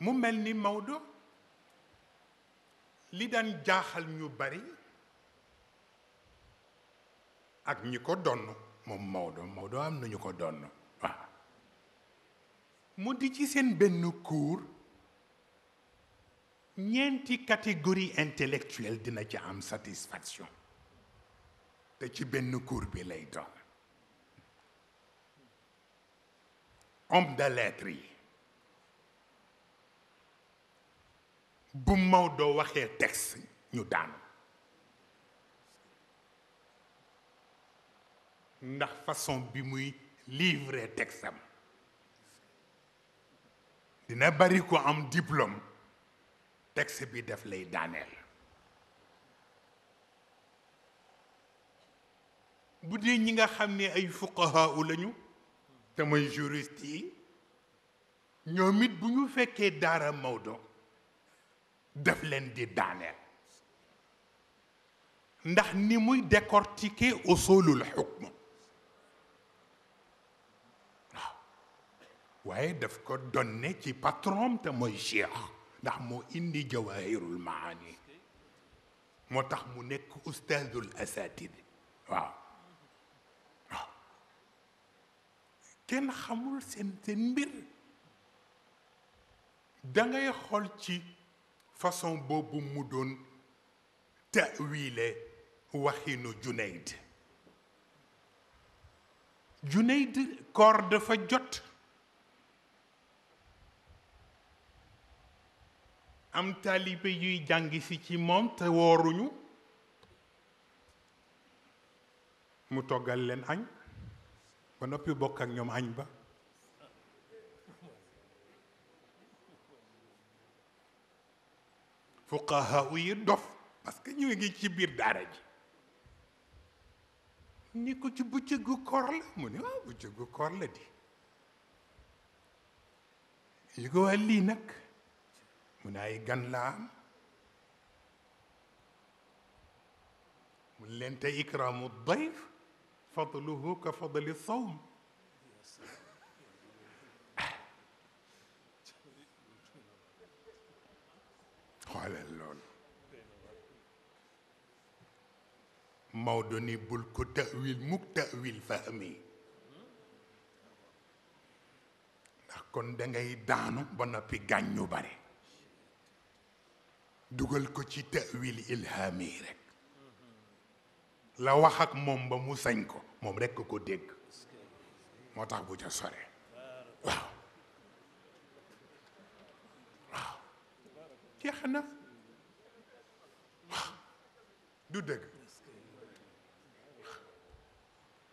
mu mel ni Maodo li daan jaaxal ñu bari ak ñi ko donn moom Maodo Maodo am nañu ko donn mu di ci seen benn cours ñeenti catégorie intellectuelle dina ci am satisfaction te ci benn cours bi lay doon homme de lettres yi bu Maodo waxee tex ñu daan ndax façon bi muy livrer texte am dina bari ko am diplôme texte bi def lay daaneel bu dee ñi nga xam ne ay fuqahaa lañu te mooy juriste yi ñoom it bu ñu fekkee daara Maodo daf leen di daaneel ndax ni muy décortiquer usulul xukm waaw waaye daf ko donne ci patron te mooy cheikh ndax moo indi jawahirul maani moo tax mu nekk ustaadul asatid waaw waaw kenn xamul seen seen mbir da ngay xool ci façon boobu mu doon tawiile waxinu Junayd Junayd koor dafa jot am taalibe yuy jàng si ci moom te wooruñu mu toggal leen añ ba noppi bokk ak ñoom añ ba فقهاء يدف باسكو نيو نغي سي بير دارج نيكو سي بوتيغو كورلا موني وا بوتيغو كورلا دي يغو علي نك موناي غان لا ام مولين تا اكرام الضيف فضله كفضل الصوم خالل مودني بولكو تأويل موك تأويل فهمي نحكون دنجي دانو بنا في غانيو باري دوغل كو تي تأويل إلهامي رك لا وحاك موم بمو سنكو موم رك كو ديك موتاك بوجه سوري واو واو كيخنا واو دو دك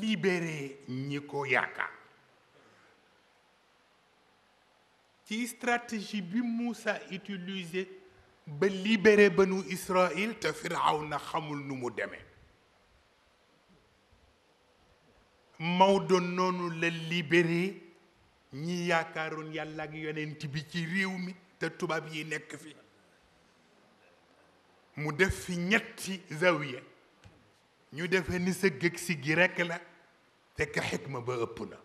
libérer ñi ko yaakaar ci stratégie bi Moussa utilisé ba libérer banu Israël te na xamul nu mu demee doon noonu la libéré ñi yaakaaroon yàlla ak yonent bi ci réew mi te tubaab yi nekk fi mu def fi ñetti zawiya ñu defee ni sa gëg si gi rekk la fekk xikma ba ëpp na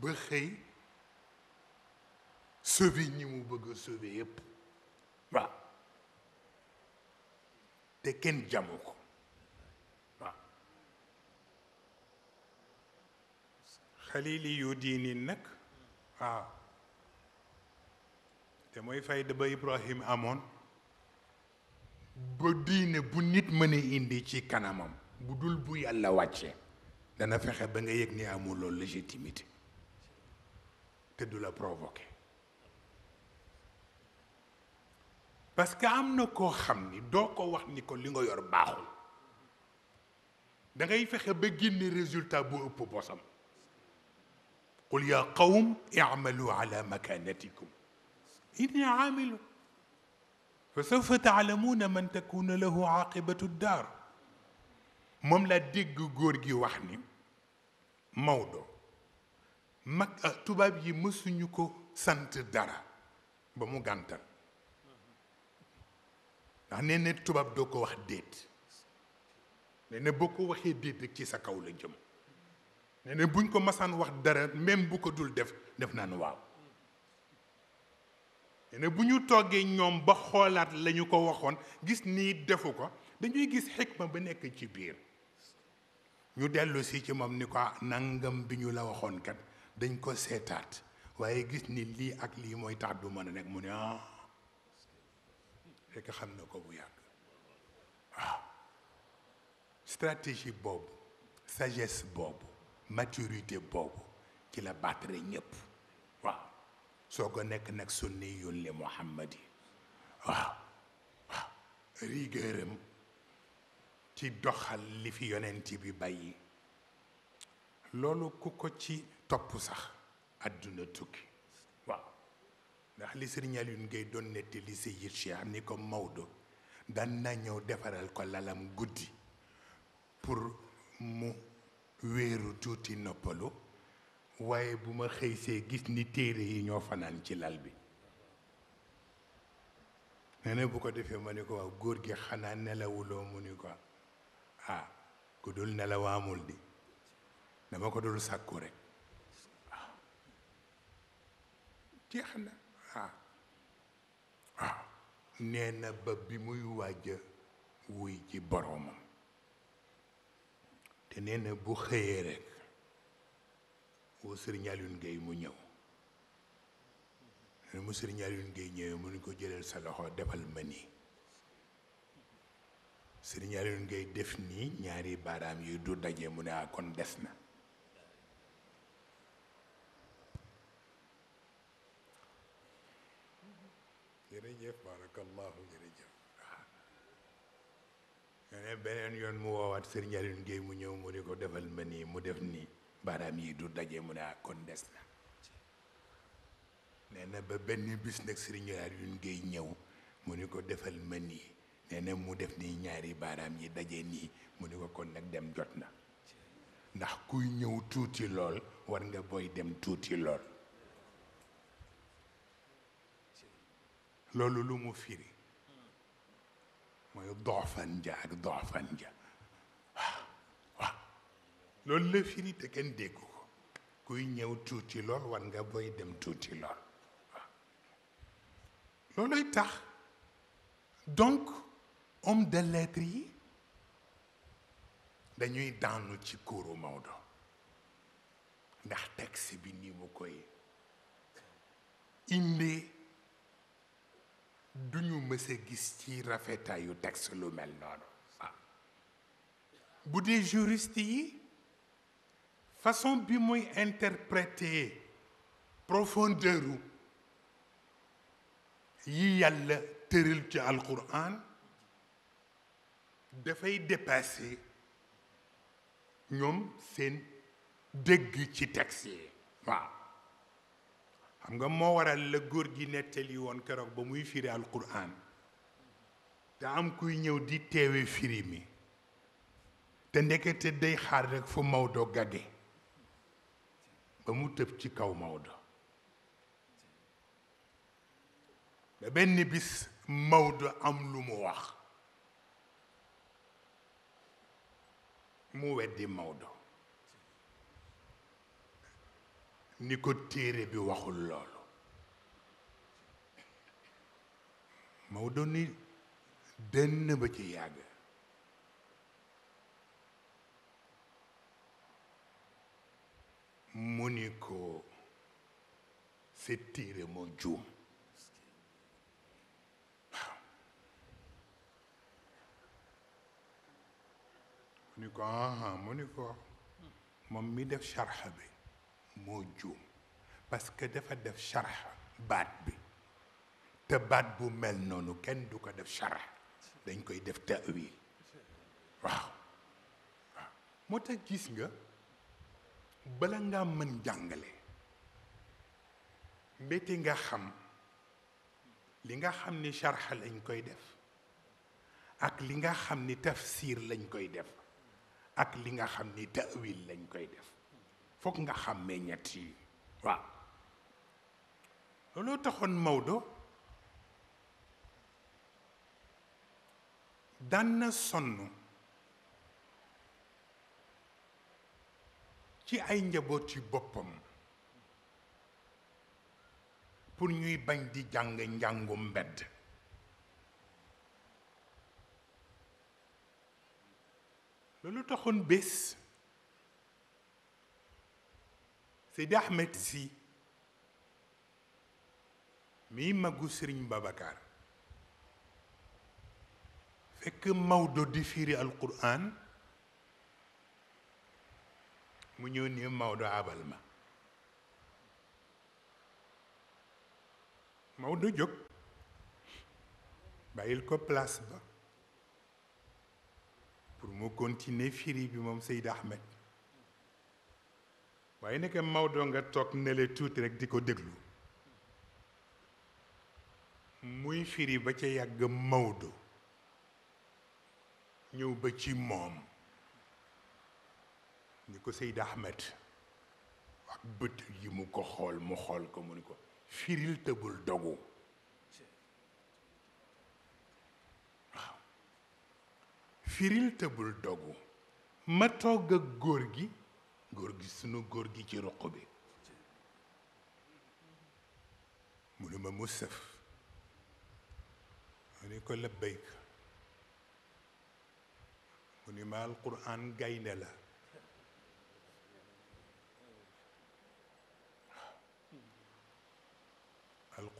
ba xëy sauver ñi mu bëgg a sauver yépp waaw te kenn jamu ko waaw xalili yu diini nag waaw te mooy fayda ba Ibrahim amoon ba diine bu nit mën a indi ci kanamam bu dul bu yàlla wàcce dana fexe ba nga yëg ni amuloo légitimité te du la provoquer parce que am na koo xam ni doo ko wax ni ko li nga yor baaxul da ngay fexe ba génne résultat bu ëpp bosam qul ya qawm i'malu ala makanatikum إني عامل فسوف تعلمون من تكون له عاقبة الدار مملا ديك غورغي وحني موضو مك توباب يي مسونيكو سانت دارا بامو غانتال دا نين توباب دوكو واخ ديت نين بوكو واخي ديت كي سا كاولا جيم نين بوغنكو مسان واخ دارا ميم بوكو دول ديف ديف واو ne bu ñu toggee ñoom ba xoolaat lañu ko waxoon gis nii defu ko dañuy gis xikma ba nekk ci biir ñu dellu si ci moom ni ko ah, nangam bi ñu la waxoon kat dañ ko seetaat waaye gis ni lii ak lii mooy tax du mën a nekk mu ne ah rekk xam na ko bu yàgg waaw ah, stratégie boobu sagesse boobu maturité boobu ci la battre ñëpp soo ko nekk nag sunniyun li muhammad waaw waaw rigueuram ci doxal li fi yonent bi bàyyi loolu ku ko ci topp sax àdduna tukki waaw ndax li Sëriñ Aliou ngay doon nettali Seydi Cheikh ni ko Maodo daan na ñëw defaral ko lalam guddi pour mu wéeru tuuti noppalu waaye bu ma xëysee gis ni téere yi ñoo fanaan ci lal bi nee bu ko defee ma ni ko waaw góor gi xanaa nelawuloo mu ni ko ah ku dul nelawaamul di dama ko dul sàkku rek waaw ah. jeex ah. Ah. na ba bi muy wàjja wuy ci boroomam te nee na bu xëyee rek woo Serigne Alioune Gueye mu ñëw mu Serigne Alioune Gueye ñëwee ne ko jëlal sa loxo defal ma nii Serigne Alioune Gueye def nii ñaari baaraam yi du daje mu ne ah kon des na jërëjëf barakallahu jërëjëf beneen yoon mu woowaat Serigne Alioune Gueye mu ñëw mu ne ko defal ma nii mu def nii baaraam yi du daje mu ne ak ah, kon des na nee na ba benn bis nag sëriñ Alioune Guèye ñëw mu ni ko defal ma nii nee mu def nii ñaari baaraam yi daje nii mu ni ko kon nag dem jot na ndax kuy ñëw tuuti lool war nga booy dem tuuti lool loolu lu mu firi mooy doofan ja ak doofan ja lo le fini te kenn dégg ko kuy ñew tuuti lool war nga boy dem tuuti lool waaw loolooy tax donc homme de lettres yi dañuy daanu ci kuuru mawdo ndax texte bi ni mu koy indee duñu ñu gis ci rafetaayu texte lu mel noonu waaw ah. bu dee juriste yi façon bi muy interpréter profondeur yi yalla tëral ci alquran fay dépasser ñom sen dégg ci texte Wa, xam nga mo waral le góor gi nettali woon ba muy firi alquran te am kuy ñew di téwé firi mi te ndekete day xaar rek fu Maodo ba mu ci kaw Maodo ba benn bis Maodo am lu mu wax mu weddi Maodo ni ko téere bi waxul loolu Maodo ni dënn ba ci yàgg mu ni ko sa téere moo juum waaw mu ni ko moom mi def sharxa bi moo juum parce que dafa def sharxa baat bi te baat bu mel noonu kenn du ko def sharxa dañ koy def ta'wil waaw waaw moo tax gis nga bala ngaa mën jàngale mbéti nga xam li nga xam ni charx lañ koy def ak li nga xam ni tafsir lañ koy def ak li nga xam ni tawil lañ koy def foog nga xàmmee ñett yi waaw looloo taxoon Maodo daan na sonn ci ay njaboot yi boppam pour ñuy bañ di jàng njàngum mbedd loolu taxoon bés Seydi Ahmed Sy mii magu Sëriñ Babacar fekk Maodo di fiiri al Quraan mu ñëw ni Maodo abal ma Maodo jóg bàyyil ko place ba pour mu continuer firi bi moom Seyd Ahmed waaye nekk Maodo nga toog nele tuuti rek di ko déglu muy firi ba ca yàgg Maodo ñëw ba ci moom نيكو سيد احمد بوت يمكو خول مو خول كو مونيكو فيريل تبول دوغو فيريل تبول دوغو ما توغ غورغي غورغي سنو غورغي تي رقبه مولا ما موسف اني كل بيك اني مال القران غاينه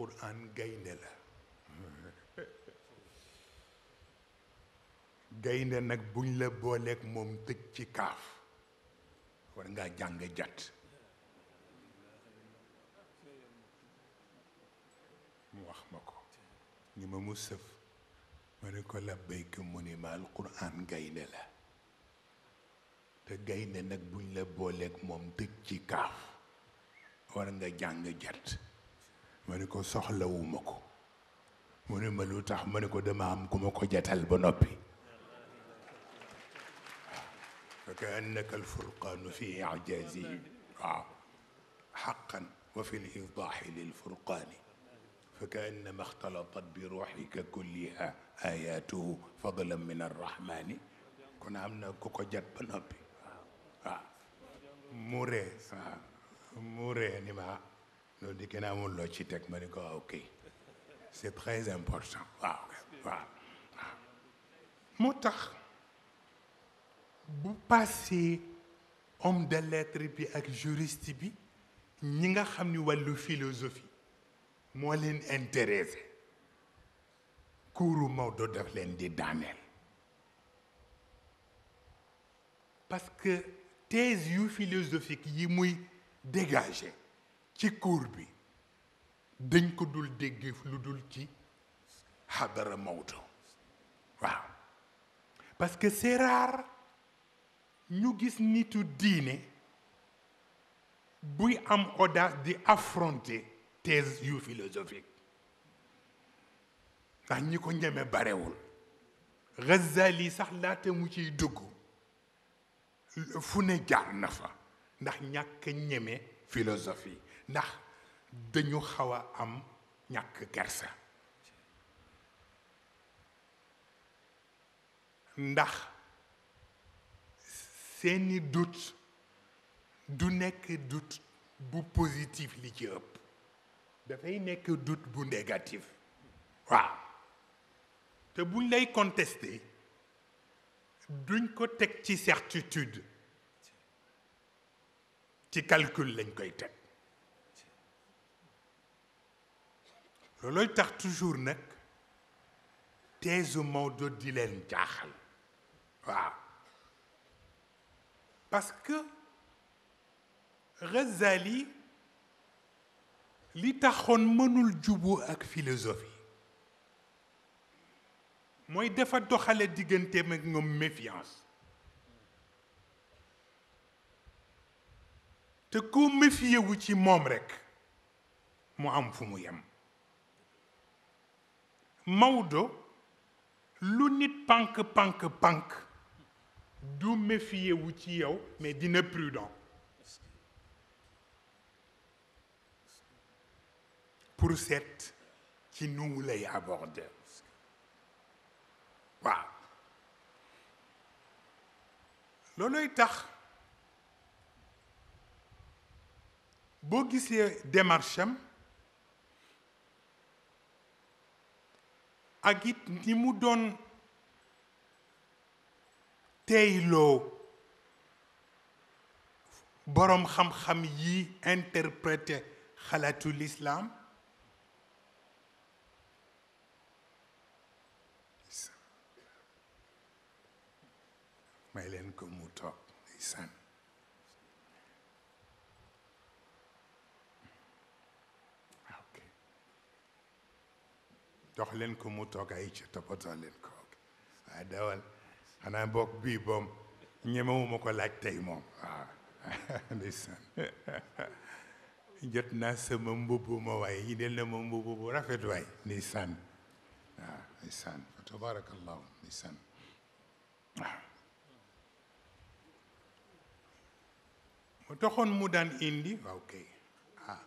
alquran gaynde la gaynde nag buñ la booleeg moom tëj ci kaaf war ngaa jàng jat mu wax ma ko ni ma mu sëf ma ne ko labbayka mu ni ma alquran gaynde la te gaynde nag buñ la booleeg moom tëj ci kaaf war nga jàng jat ma ne ko soxlawuma ko mu ne ma lu tax ma ne ko dama am ku ma ko jatal ba noppi fa ka annaka alfurqaanu fi ijazihi waaw xaqan wa fi lifdaaxi lilfurqaani fa ka annama ixtalatat bi ruuxika kulliha ayatuhu fadlan min arrahmani kon am na ku ko jat ba noppi waaw waaw mu ree waaw mu ree ni ma loolu di kenn amul loo ci teg ma ok c'est très important waaw waaw waaw moo tax homme de lettres puis ak juriste bi ñi nga xam ni wàllu philosophie moo leen intéressé kuuru Maodo daf leen di daaneel parce que thèse yu philosophique yi muy dégagé ci cour bi dañ ko dul lu dul ci la waaw parce que c'est rare ñu gis nitu diiné buy am audace di affronter thèse yu philosophique ndax ñi ko ñeme barewul Ghazali sax mu ne ndax philosophie ndax dañu xaw a am ñàkk kersa ndax seeni doute du nekk doute bu positif li ci ëpp dafay nekk doute bu négatif waaw te buñ lay contester duñ ko teg ci certitude ci calcul lañ koy teg loolooy tax toujours nag teesu Maodo di leen jaaxal waaw parce que Ghazali li taxoon mënul jubu ak philosophie mooy dafa doxale digganteem ak ñoom méfiance te ku méfiyewu ci moom rek mu am fu mu yem Maudo, l'unit panque, panque, panque, d'où méfier ou tiao, mais d'une prudent. Pour cette qui nous voulait aborder. Voilà. L'on est tard. Si vous avez des ak it ni mu doon teyloo boroom xam-xam yi interpréter xalaatu lislaam ko leen ah, ko mu toog ay ci toppatoo leen ko waaw dawal xanaa bokk bii boom ñemewuma ko laaj tey moom waaw ndeysaan jot naa sama mbubb ma waaye yi del na ma mbubb bu rafet waay ndeysaan waaw ah, ndeysaan fa tabarakallahu ndeysaan waaw ah. mu taxoon mu daan indi waaw kay ah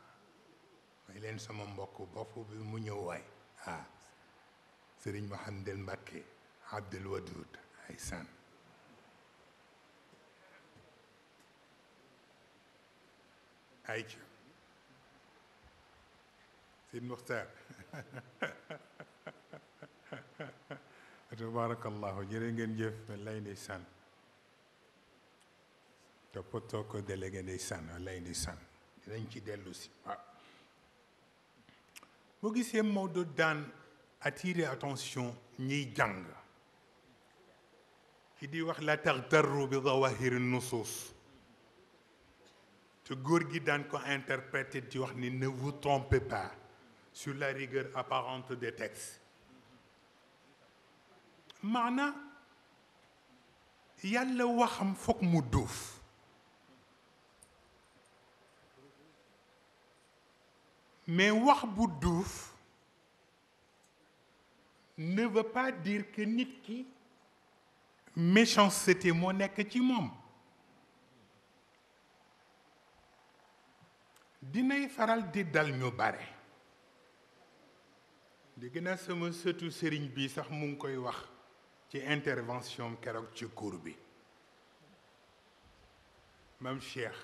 may leen sama mbokk bopp bi mu ñëw waay ah سيرين محمد المكي عبد الودود عيسان ايجا سيد مختار تبارك الله جيرين جن جيف الله نيسان تبطوك دلغ نيسان الله نيسان جيرين جي دلو سي مو جيسي دان attirer attention ni jàng ki di wax la taxtarru bi zawahiri nusus te interprété interpréter ni ne vous trompez pas sur la rigueur apparente des textes Mana yalla waxam foog mu duuf mais wax bu ne veut pas dire que nit ki méchanceté moo nek ci moom dinay faral di dal ñu bare di gën sama setu sëriñ bi sax mu ngi koy wax ci intervention kérok ci cour bi mam Cheikh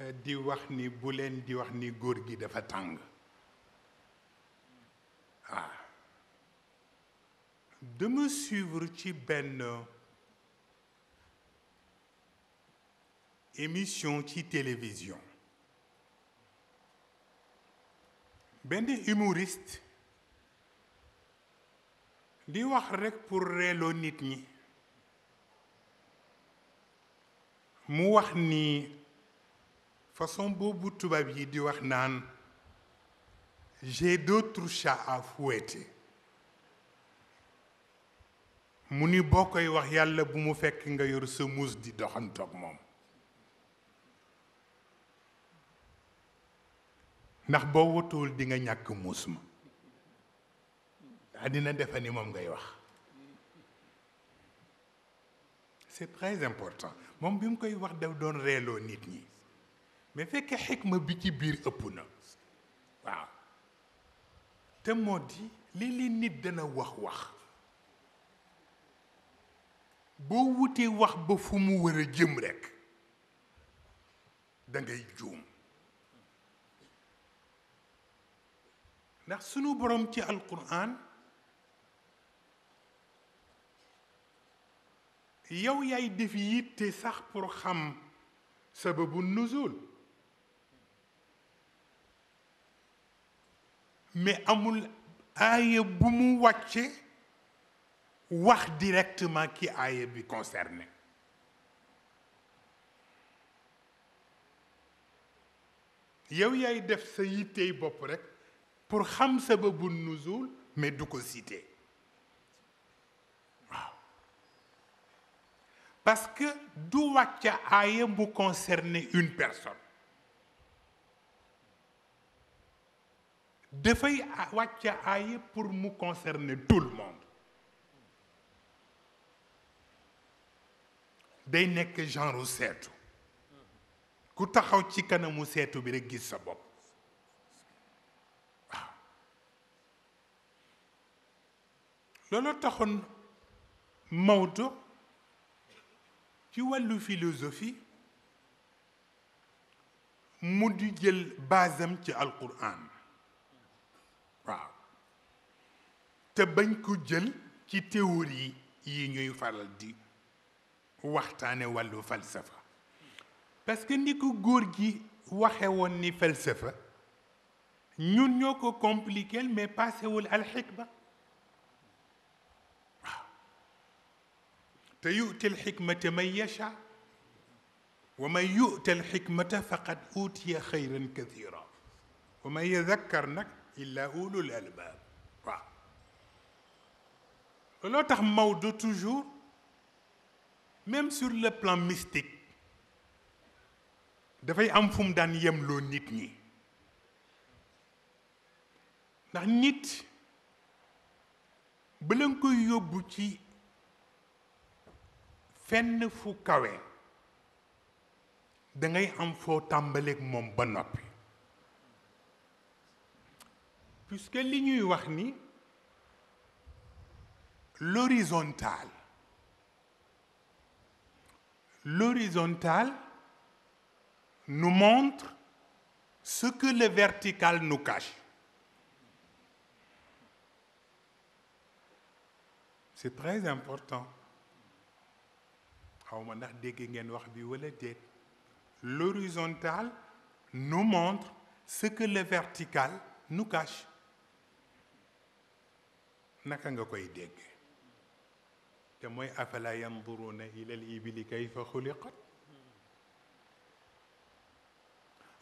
eh, di wax ni bu len di wax ni gor gi dafa tang ah de me suivre ci ben émission ci télévision humoriste di wax rek pour les nit ñi mu wax ni façon yi j'ai d'autres chats à fouetter mu ni boo wax yalla bu mu fekk nga yor sa muus di doxantoog mom ndax bo wotul di nga ñak muus ma ndax dina ngay wax c'est très important mom bi koy wax daf doon reeloo nit ñi mais fekk hikma bi ci bir ëpp waaw te modi li li nit dana wax wax بووتي واخ با فمو ورا جيم ريك دا ngay القران يو ياي ديف ييتي ساخ سبب النزول مي امول ايه بومو واتشي wax directement ki aaya bi concerné yow yay def sa yittey bop rek pour xam sababu nuzul mais du ko cité parce que du wacha aaya bu concerné une personne dafay wàcc aaya pour mu concerner tout le monde day nekk genre seetu ku taxaw ci kanamu seetu bi rek gis sa bopp waaw loolu taxoon Maodo ci wàllu philosophie mu di jël baasam ci alquran waaw te bañ ko jël ci théorie yi ñuy faral di waxtaane walu falsafa parce que ni ko góor gi waxe won ni falsafa ñun ñoko compliquer compliqué mais passewul alxikma waaw te yu'ti alxikmata man yasha wa man yu'ta alxikmata faqad utiya xayran kathira wa man yadakkar nag illa ulul albab waaw looloo tax Maodo toujours même sur le plan mystique fay am fum dan yem lo nit ñi ndax nit ba la koy yóbbu ci fenn fu kawe da ngay am foo tàmbaleeg moom ba noppi puisque li ñuy wax ni l'horizontal l'horizontale nous montre ce que le vertical nous cache. C'est très important. L'horizontal nous montre ce que le vertical nous cache. تموي أفلا ينظرون إلى الإبل كيف خلقت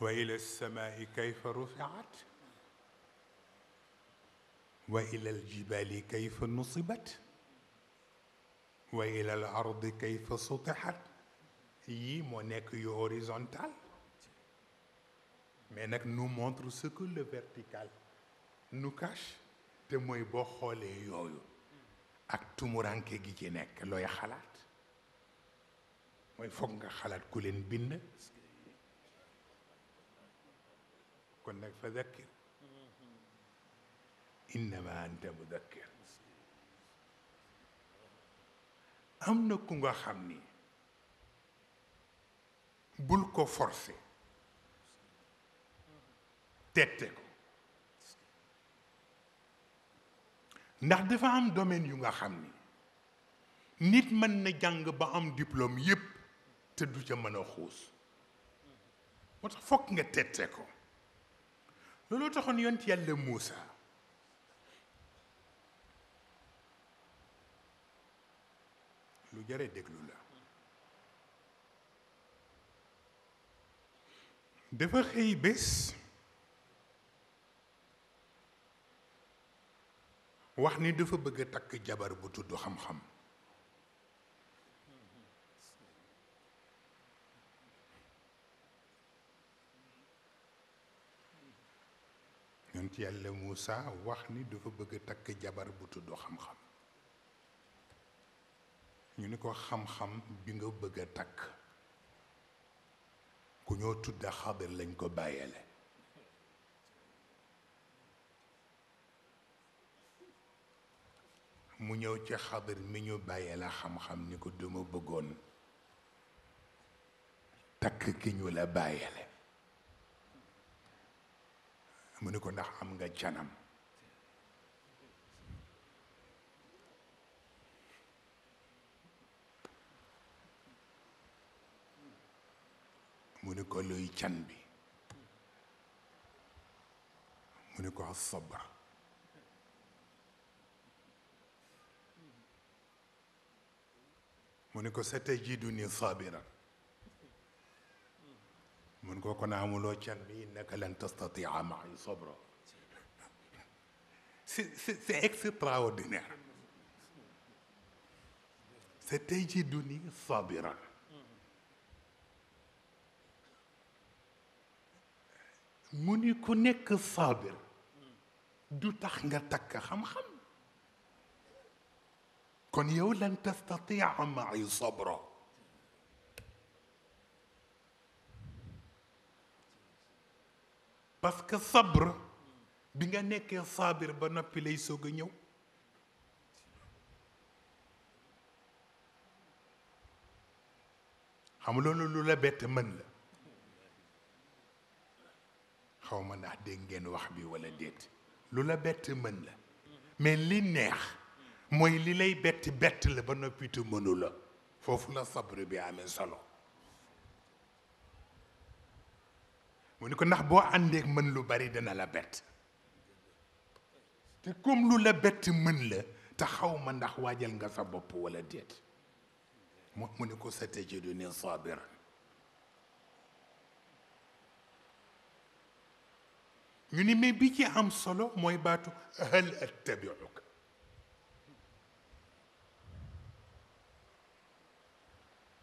وإلى السماء كيف رفعت وإلى الجبال كيف نصبت وإلى الأرض كيف سطحت هي مونيك يو هوريزونتال مي نك نو مونتر سكو لو نو كاش تموي بو يويو ak tumuranke gi ci nek loy xalat moy foog nga xalat ku len bind kon nak fa dakkir innama anta mudakkir amna ku nga xamni bul ko forcer tete ko ndax dafa am domaine yu nga xam ni nit mën na jàng ba am diplôme yépp te du ca mën a xuus moo tax fokk nga tette ko looloo taxoon yoon ci yàlla Muusa lu jare déglu la dafa xëy bés wax ni dafa bëgg takk jabar bu tudd xam-xam yonent yàlla Moussa wax ni dafa bëgg takk jabar bu tudd xam-xam ñu ni ko xam-xam bi nga bëgg a takk ku ñoo tudd xadir lañ ko bàyyele mu ñëw ci xadir mi ñu bàyyee la xam-xam ni ko duma bëggoon takk ki ñu la bàyyele mu ni ko ndax am nga canam mu ni ko luy can bi mu ni ko sabr mu ni ko sa tajiduni sabiran mun ko kon amuloo can bi innaka lan tastatia ma'i sabra c'est extraordinaire sa tajiduni sabiran mu ni ku nekk sabir du tax nga takk xam-xam كن يقول لن تستطيع معي صبرا بس كصبر بينك يا صابر بنا بلي سوغنيو حملون لولا بيت من لا خاوما نخ دين ولا ديت لولا بيت من لا مي لي moy li lay betti bett la ba nopi tu mënu fofu la sabr bi amee solo mu ni ko ndax boo àndeek mën lu bari dana la bet te kum lu la bet mën la ta xawma ndax wajal nga sa bop wala det mu mu ni ko sa tëjëdu ni sabiran ñu ni mais bi ci am solo moy batu hal attabiuka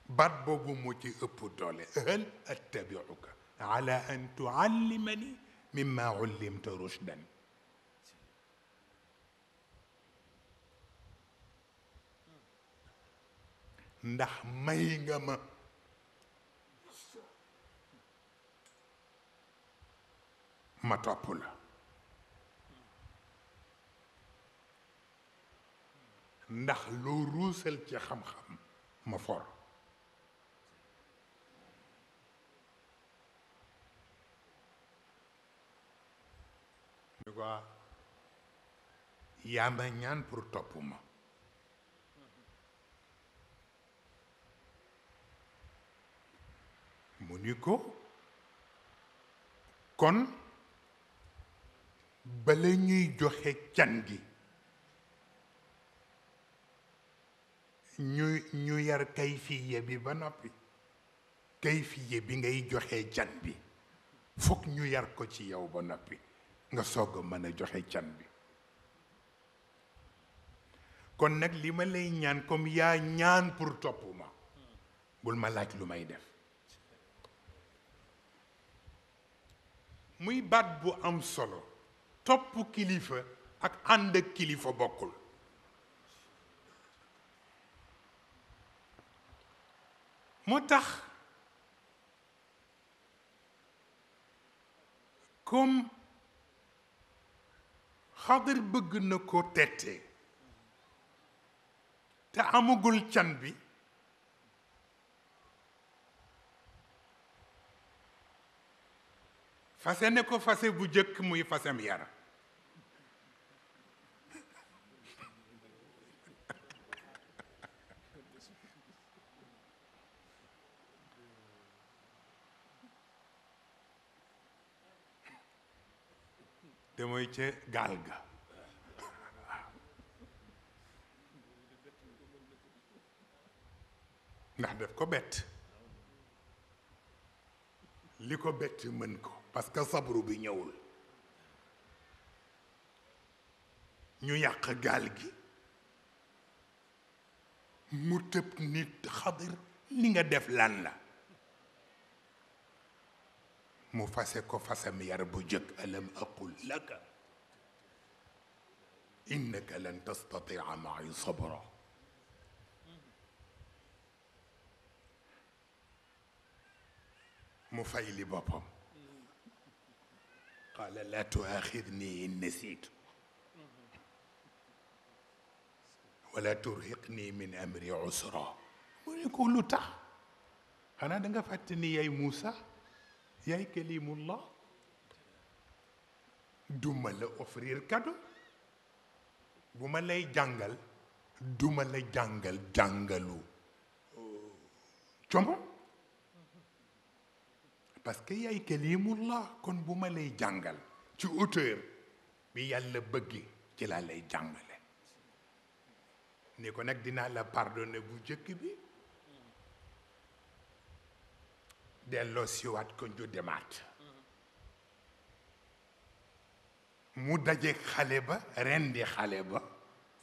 بات بوبو موتي اوبو دولي هل اتبعك على ان تعلمني مما علمت رشدا ndax may nga ma ma topp la ndax loo ruusal ci xam ñu ko yaa ma ñaan pour topp ma mu ni ko kon bala ñuy joxe can gi ñu ñu yar kayfiye bi ba noppi kayfiye bi ngay joxe can bi fokk ñu yar ko ci yow ba noppi N'a soog a mën a joxe can bi kon nag li ma lay ñaan comme yaa ñaan pour topp ma bul ma laaj lu may def muy bat bu am solo topp kilifa ak ànd kilifa bokkul moo tax xaw xadar bëgg na ko tette te amagul can bi fase ne ko fase bu jëkk muy fasem yar te mooy ca gaal ga ndax def ko bett li ko bett mën ko parce que sabru bi ñëwul ñu yàq gaal gi mu tëb nit xadir li nga def lan la مفاسكو فاسم يربجك ألم أقل لك إنك لن تستطيع معي صبرا مفايلي بابا قال لا تؤاخذني إن نسيت ولا ترهقني من أمري عسرا ويقول له تح أنا دنقى فاتني يا موسى yaay kalimullah duma la offrir cadeau bu ma lay jàngal duma la jàngal jàngalu combo parce que yaay kalimullah kon bu ma lay jàngal ci auteur bi yàlla bëgge ci laa lay jàngale ni ko nag dinaa la pardone bu jëkk bi delloo siwaat ko ñu demaat mu dajeeg xale ba rendi xale ba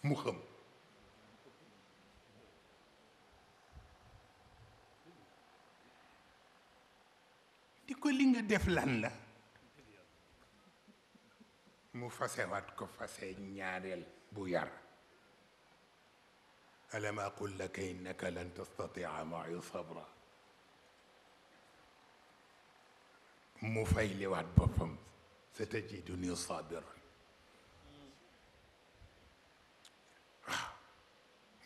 mu xëm di ko li nga def lan la mu fasewaat ko fase ñaareel bu yar alam aqul laka innaka lan tastatia ma'i sabra mu fay liwaat boppam satajiduni sabiran waaw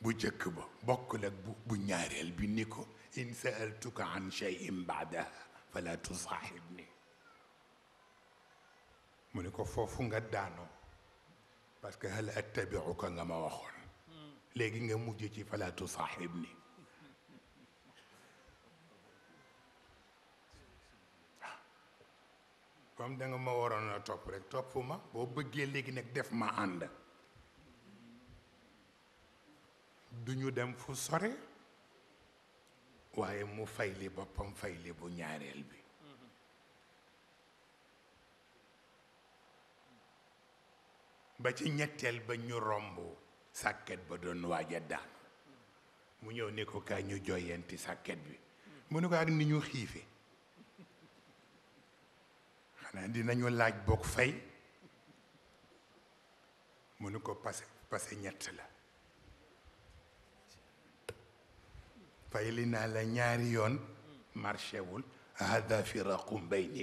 bu jëkk ba bokkul ak bu bu ñaareel bi ni ko in saaltuka an cheyin baadaha fala tusaaxib ni mu ni ko foofu nga daanoo parce que hal attabiuka nga ma waxoon léegi nga mujj ci fala tusaaxib ni comme danga ma waroon a topp rek topp ma boo bëggee léegi nag def ma ànd du ñu dem fu sore waaye mu fay li boppam fay li bu ñaareel bi ba ci ñetteel ba ñu romb sàkket ba doon waaja daan mu ñëw ne ko kaay ñu joyanti sàkket bi mu ne ko ak ni ñu xiife dinañu laaj bokk fay mënu ko passé passé ñett la fay li naa la ñaari yoon marché wul hada firaqum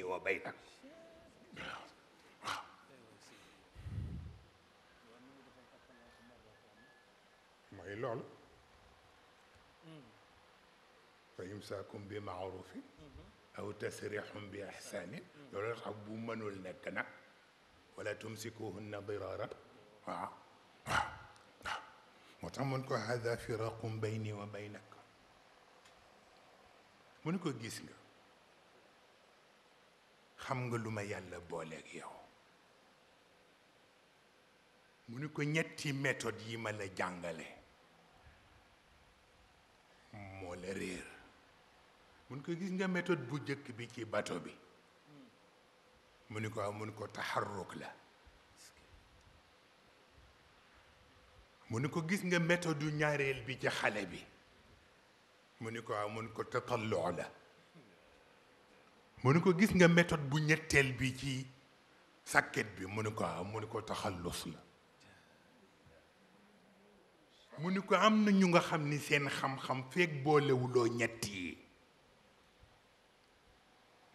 wa baynak mooy loolu mm. fa imsaakum bi maarufin mm-hmm. أو تسريح بإحسان ولا تحبوا من ولا ولا تمسكوهن ضرارا وتمنكو هذا فراق بيني وبينك منكو جيسنغ خمغ لما يالا بولك يو منكو نيتي ميثود يما لا جانغالي مول رير mun ko gis nga méthode bu jëkk bi ci bateau bi mu ni ko am ah, mu ni ko taxarruk la mu ni ko gis nga méthode yu ñaareel bi ci xale bi mu ni ko am ah, ko tatalloo la ko gis nga méthode bu ñetteel bi ci sàkket bi mu ni ko am ah, mu ni ko taxallus la mu ni ko am na ñu nga xam ni seen xam-xam feeg boolewuloo ñett yi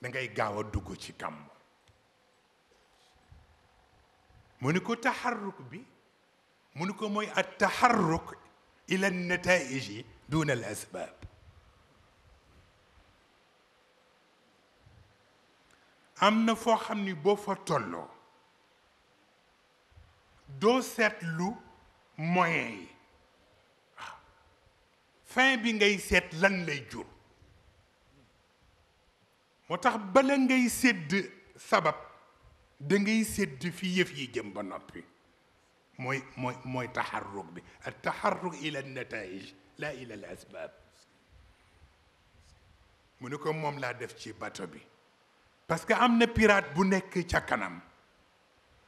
da gawa gaaw a dugg ci gàmm mu ni bi mu moy at taxarruk ila nataiji duna al asbab am na foo xam ni boo fa tolloo doo seetlu moyen yi fin bi ngay seet lan lay jur moo tax bala ngay sédd sabab da ngay sédd fi yëf yi jëm ba noppi mooy mooy mooy taxarruk bi al taxarruk ila nataij la ila al asbab mu ne ko moom laa def ci bato bi parce que am na pirate bu nekk ca kanam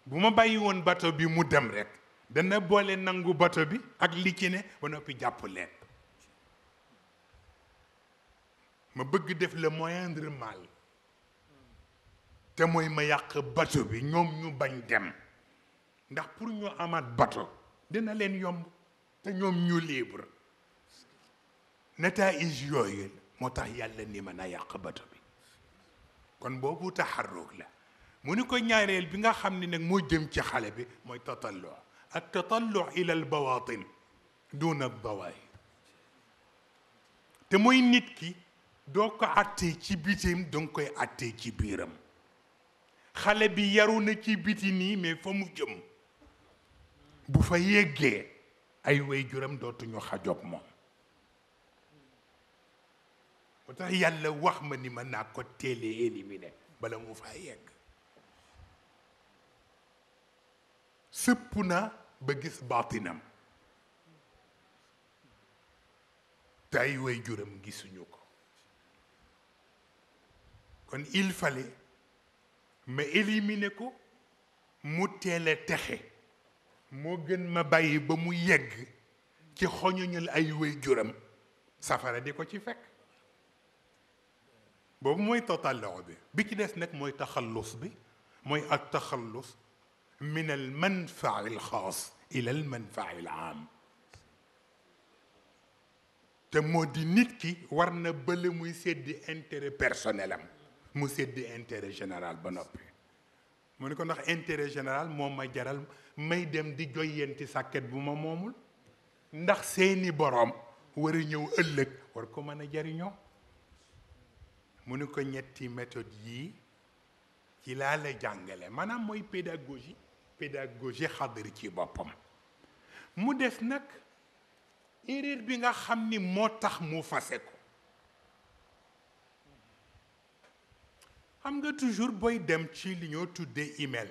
bu ma bàyyi woon bato bi mu dem rek dana boole nangu bato bi ak li ci ne ba noppi jàpp leen ma bëgg def le moindre mal te mooy ma yàq bato bi ñoom ñu bañ dem ndax pour ñu amaat bato dina leen yomb te ñoom ñu libre nataij yooyu moo tax yàlla ni mën a yàq bato bi kon boobu taxarruk la mu ni ko ñaareel bi nga xam ni nag moo jëm ci xale bi mooy tatallu ak tatallu ila al bawatin duna bawahir te mooy nit ki doo ko àttee ci bitim danga koy àttee ci biiram xale bi yaru na ci biti nii mais fa mu jëm bu fa yéggee ay waajuram dootuñu xajob moom moo tax yàlla wax ma ni ma naa ko téele éliminé bala mu faa yegg sëpp na ba gis baatinam te ay waajuram gisuñu ko kon il fallait ma éliminer ko mu teel texe mo gën ma bàyyi ba mu yegg ci xoñuñul ay way juram safara di ko ci fekk boobu mooy tatalloo bi bi ci dess nag moy takhallus bi moy ak takhallus min al manfaa al xaas ila al manfaa al aam te moo di nit ki war na muy seddi intérêt personnel mu séddi intérêt général ba noppi mu ne ko ndax intérêt général moom ma jaral may dem di joyanti sàkket bu ma moomul ndax seeni boroom war a ñëw ëllëg war ko mën a jariñoo mu ne ko ñetti méthode yii ci laa la jàngale maanaam mooy pédagogie pédagogie xadar ci boppam mu def nag erreur bi nga xam ni moo tax mu fase ko xam nga toujours booy dem ci li ñoo tuddee email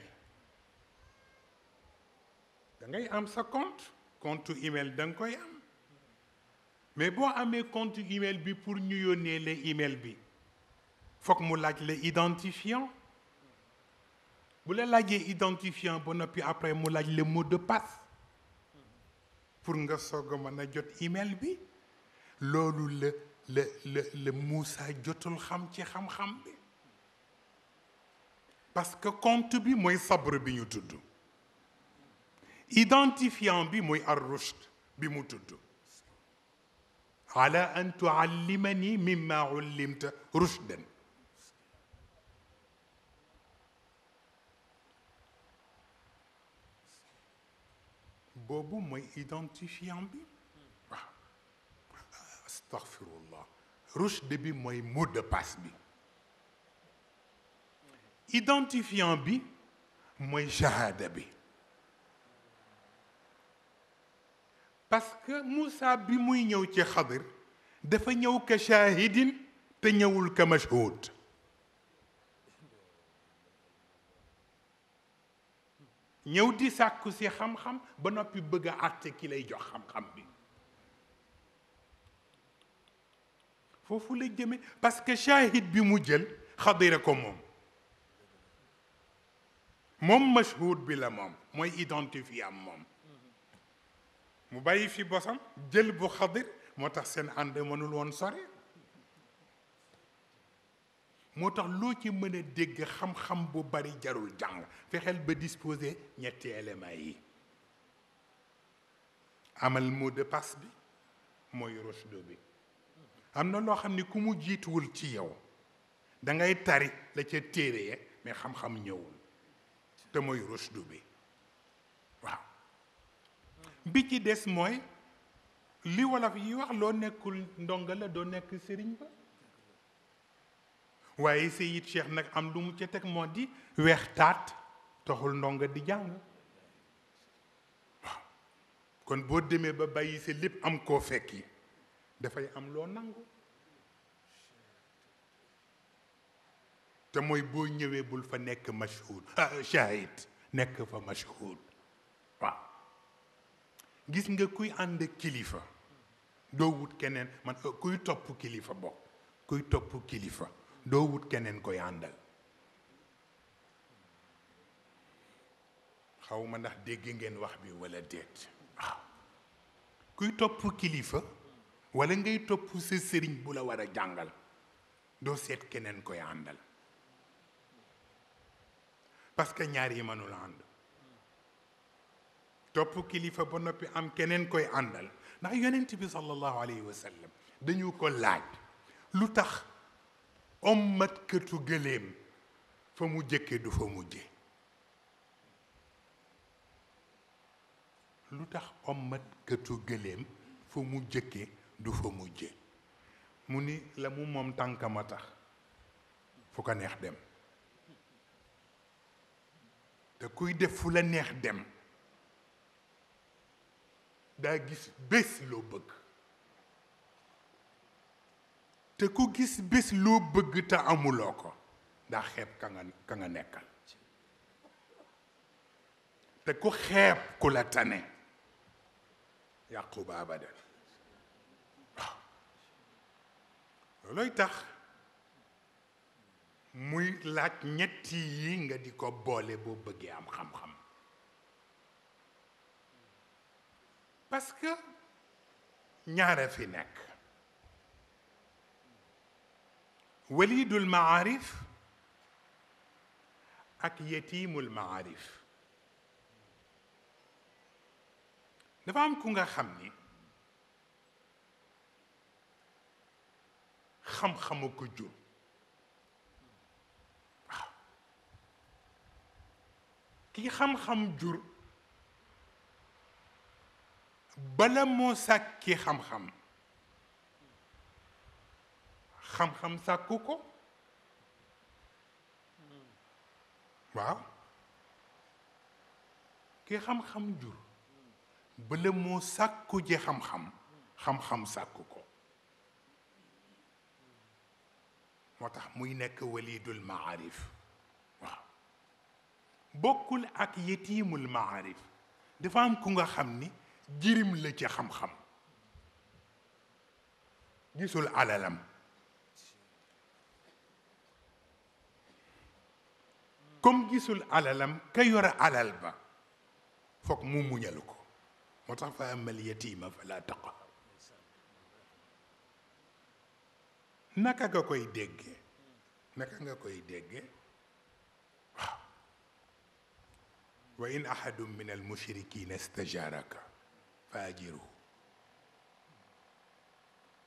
da ngay am sa compte compte email da nga koy am mais boo amee compte email bi pour ñu yónnee email bi foog mu laaj la identifiant bu la laajee identifiant ba après mu laaj le mot de passe pour nga soog a jot email bi loolu le le le le Moussa jotul xam ci xam-xam bi parce que compte bi moy sabre bi ñu tuddu identifiant bi moy ar-rushd bi mu tuddu ala an tuallimani mimma 'allimta rushdan bobu moy identifiant bi astaghfirullah rushd bi moy mot de passe bi identifiant bi mooy shahada bi parce que bi muy ñëw ci xadir dafa ñëw ka shahidin te ñëwul ka mashhud ñëw di sàkku si xam-xam ba noppi bëgg a àtte ki lay jox xam-xam bi foofu la jëme parce que shahid bi mu jël xadira ko moom mom mashhoud bi la mom moy identifier am mom mu bàyyi fi bosam djel bu khadir motax sen ande ànd won sori motax lo ci meune deg xam xam-xam bu bari jarul jàng fexel ba disposer ñetti element yi amal mot de passe bi mooy roshdo bi amna lo xamni kumu jitu wul ci yow da ngay tari la ci téré mais xam-xam ñëwul te mooy rusdu bi waaw bi ci des mooy li wolof yi wax loo nekkul ndonga la doo nekk sëriñ ba waaye Seyid Cheikh nag am lu mu ci teg moo di weex taat toxul ndonga di jàng waaw kon boo demee ba bàyyi si lépp am koo fekki dafay am loo nangu te mooy boo ñëwee bul fa nekk mashhud ah, shahid nekk fa mashhud waaw gis nga kuy ànd kilifa doo wut keneen man euh, kuy topp kilifa bokk kuy topp kilifa doo wut keneen koy àndal xaw ma ndax dégg ngeen wax bi walla déet kuy topp kilifa walla ngay topp sa sëriñ bu la war a jàngal doo seet keneen koy àndal parce que ñaar yi la ànd top kilifa bo nopi am kenen koy àndal ndax yonent bi sallallahu alayhi wa sallam dañu ko laaj lutax ummat ommat këtu gëléem fa mu jëkke du fa mujje lutax ummat ommat këtu gëléem fa mu jëkke du fa mujje mu ni la mu moom tànkama tax fuka neex dem te kuy def fu la neex dem daa gis bés loo bëgg te ku gis bés loo bëgg te amuloo ko daa xeeb ka nga ka nga nekkal te ku xeeb ku la tane yàqu ba abadan loolooy tax muy laaj ñett yi nga di ko boole boo bëggee am xam-xam parce que ñaara fi nekk walidul maarif ak yetimul maarif dafa am ku nga xam ni xam-xamu ko jur كي خم خم جر بلا موسى كي خم خم خم خم ساكوكو واو كي خم خم جر بلا موسى كو جي خم خم خم خم ساكوكو موتاح موي وليد المعارف bokkul ak yetiimul maarif dafa am ku nga xam ni jirim la ci xam-xam gisul alalam comme gisul alalam ka yore alal ba foog mu muñal ko moo tax fa amal yatiima fa laa taqa naka nga koy déggee naka nga koy déggee وإن أحد من المشركين استجارك فأجره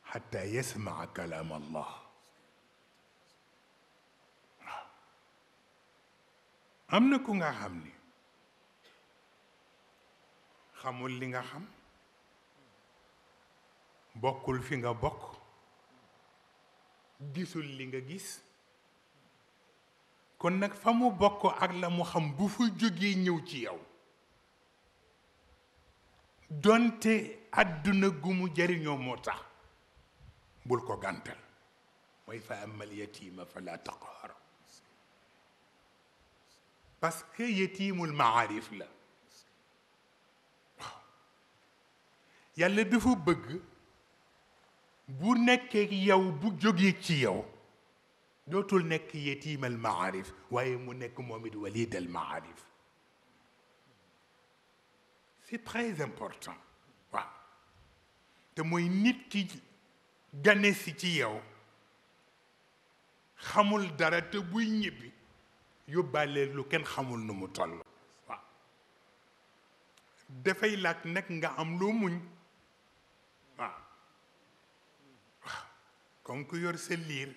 حتى يسمع كلام الله أمنا كونغا حمني خمول لنغا حم بوكول فينغا بوك جيسول لنغا جيس جس. kon nag fa mu bokk ak la mu xam bu fa jógee ñëw ci yow donte àdduna gu mu jariñoo moo tax bul ko gàntal mooy fa amal yatima fa la taqhar parce que yatimul maarif la yàlla dafa bëgg bu nekkee yow bu jógee ci yow دوتول نك يتيم المعارف واي مو نك موميد وليد المعارف سي تري امبورطون وا تي موي نيت كي غاني سي تي ياو خامول دارا تي بوي نيبي يوبالي لو كين خامول نو مو تول وا دا فاي لاك نك nga am لو موغ وا كونكو يور سي لير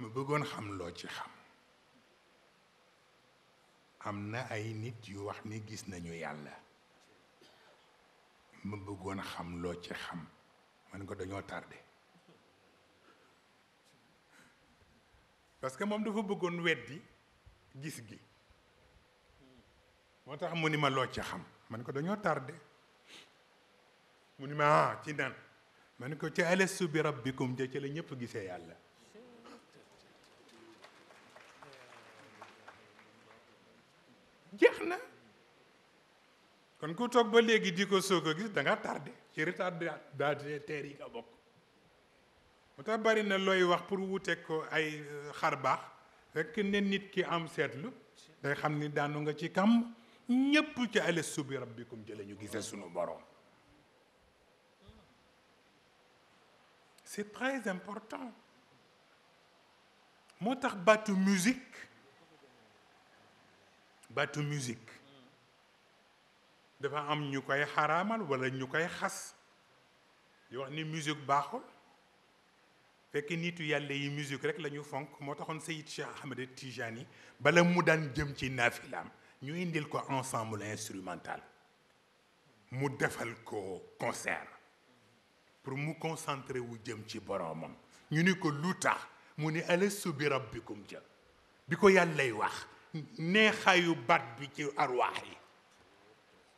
ma bëggoon xam loo ci xam am na ay nit yu wax ni gis nañu yàlla ma bëggoon xam loo ci xam man ko dañoo tardé parce que moom dafa bëggoon weddi gis gi moo tax mu ni ma loo ci xam man ko dañoo tardé mu ni ma ah ci nan man ko ci bi rabbikum ja ci la ñëpp gisee yàlla jeex kon ku tok ba legui diko ko soog gis da nga tardé ci retard da terre yi ka bok mu bari na loy wax pour wouté ko ay euh, xar bax rek ne nit ki am setlu day xamni danu nga ci kam ñepp ci alastu bi rabbikum jële ñu gisé sunu borom c'est très important motax tax musique baatu musique dafa am ñu koy xaramal walla ñu koy xas di wax ni musique baaxul fekk nitu yàlla yi musique rek la fonk moo taxoon Seyid Cheikh Ahmed Tijani bala mu daan jëm ci naafilaam ñu indil ko ensemble instrumental mu defal ko concert pour mu concentrer wu jëm ci boroomam ñu ni ko lu tax mu ni alastu bi rabbikum ja bi ko yàllay wax neexaayu baat bi ci arwaax yi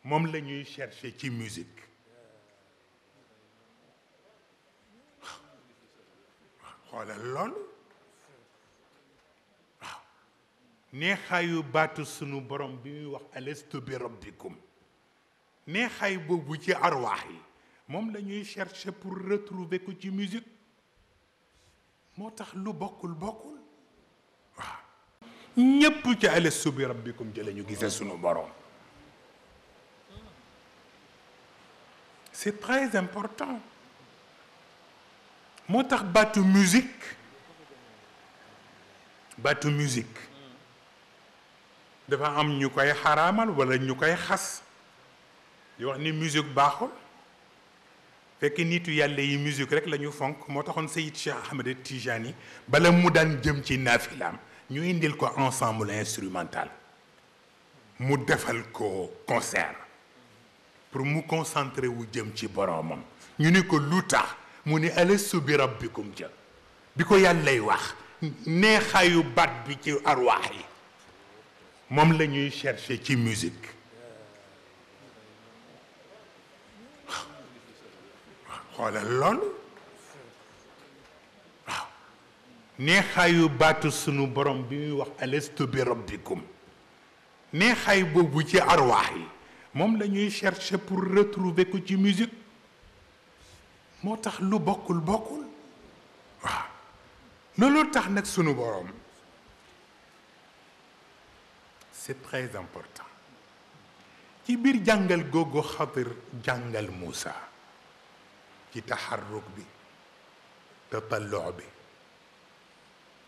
moom la ñuy chercher ci musique xoolal loolu waaw neexaayu baatu sunu borom bi muy wax alastu bi rabbikum neexaay boobu ci arwaax yi moom la ñuy chercher pour retrouver ko ci musique moo tax lu bokkul bokkul ñépp ci alastu bi rabbikum ci la ñu gisee sunu borom c'est très important moo tax baatu musique baatu musique dafa am ñu koy xaraamal walla ñu koy xas di wax ni musique baaxul fekk nitu yàlla yi musique rek la ñu fonk moo taxoon Seyid Cheikh Ahmed Tijani bala mu daan jëm ci naafilaam ñu indil ko ensemble instrumental mu defal ko concert pour mu concentré wu jëm ci boroomam ñu ni ko lu mu ni alastu bi rabbikum ja Biko yalla wax ne xayu bat bi ci arwaax yi Mom la ñuy chercher ci musique Xolal l'on neexaayu baatu sunu borom bi muy wax alastu bi rabbikum neexaay boobu ci arwaax yi moom la ñuy chercher pour retrouver ko ci musique moo tax lu bokkul bokkul waaw loolu tax nag sunu borom c'est très important ci biir jàngal googu xatir jàngal Moussa ci taxarruk bi tatallu bi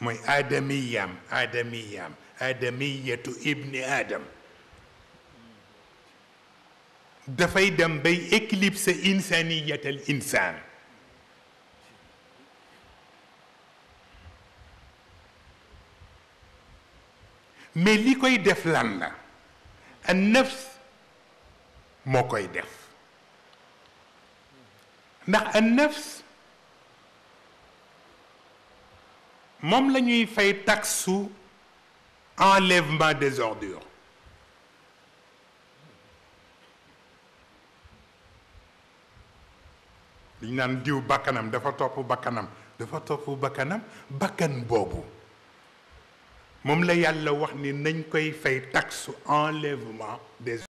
mooy aadamiyaam aadamiyaam aadamiyatu ibni aadam dafay dem bay éclipse insaniyatal insaan mais li koy def lan la an nafs moo koy def ndax an nafs mom la fay taxe enlèvement des ordures liñ nan diw bakanam dafa top bakanam dafa top bakanam bakkan bobu mom la yalla wax ni nañ koy fay taxe enlèvement des